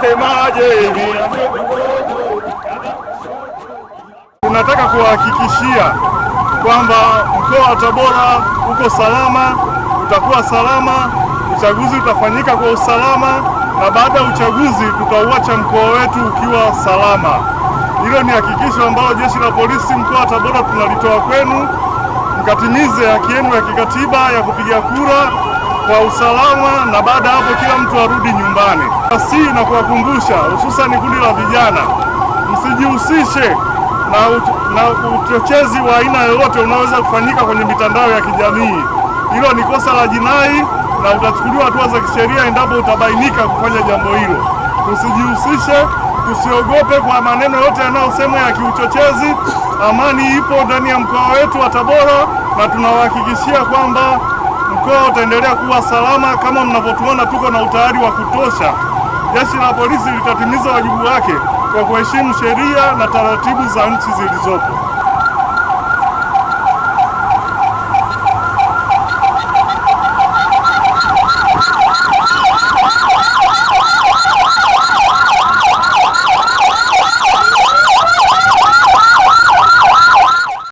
Tunasemaje hivi, tunataka kuwahakikishia kwamba mkoa wa Tabora uko salama, utakuwa salama, uchaguzi utafanyika kwa usalama, na baada ya uchaguzi tutauacha mkoa wetu ukiwa salama. Hilo ni hakikisho ambalo jeshi la polisi mkoa wa Tabora tunalitoa kwenu, mkatimize haki yenu ya kikatiba ya kupiga kura kwa usalama, na baada ya hapo kila mtu arudi nyumbani. Basi na kuwakumbusha hususani kundi la vijana, msijihusishe na, ut na uchochezi wa aina yoyote unaoweza kufanyika kwenye mitandao ya kijamii. Hilo ni kosa la jinai na utachukuliwa hatua za kisheria endapo utabainika kufanya jambo hilo. Tusijihusishe, tusiogope kwa maneno yote yanayosemwa ya kiuchochezi. Amani ipo ndani ya mkoa wetu wa Tabora, na tunawahakikishia kwamba mkoa utaendelea kuwa salama kama mnavyotuona, tuko na utayari wa kutosha. Jeshi la polisi litatimiza wajibu wake kwa kuheshimu sheria na taratibu za nchi zilizopo.